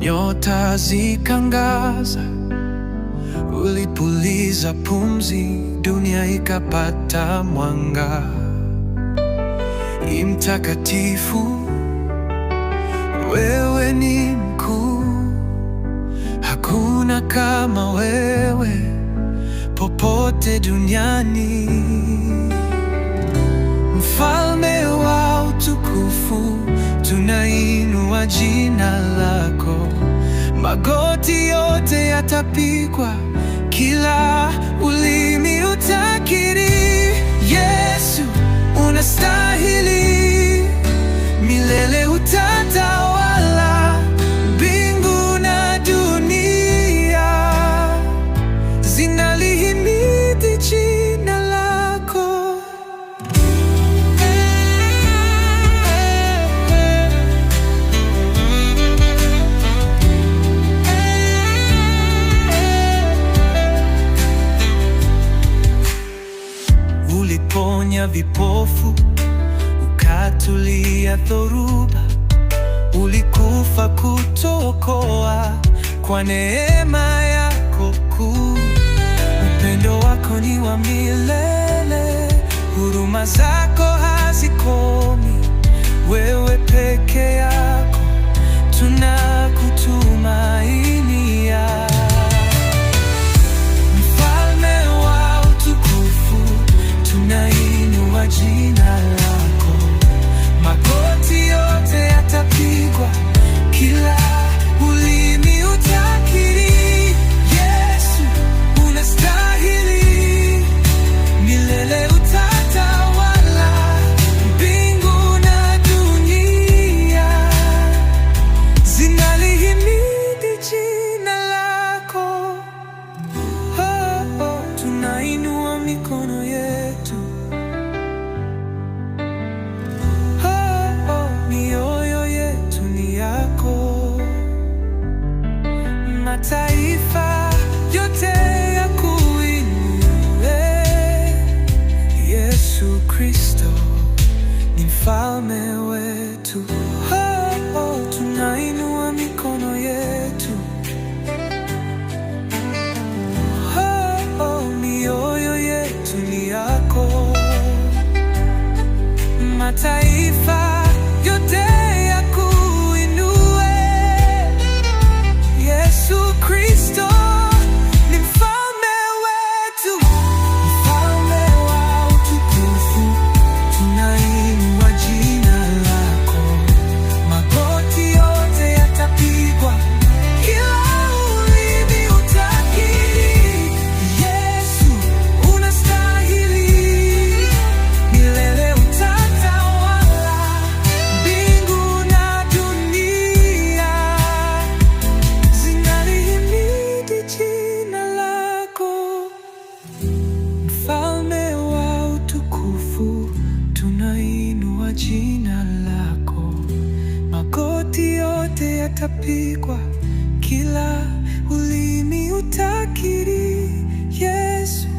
nyota zikangaza, ulipuliza pumzi, dunia ikapata mwanga. Mtakatifu, wewe ni mkuu, hakuna kama wewe popote duniani, mfalme wa utukufu, tunainua jina lako magoti yote yatapigwa, kila ulimi uliponya vipofu, ukatulia dhoruba, ulikufa kutokoa kwa neema yako kuu. Upendo wako ni wa milele, huruma zako mikono yetu jina lako, magoti yote yatapigwa, kila ulimi utakiri Yesu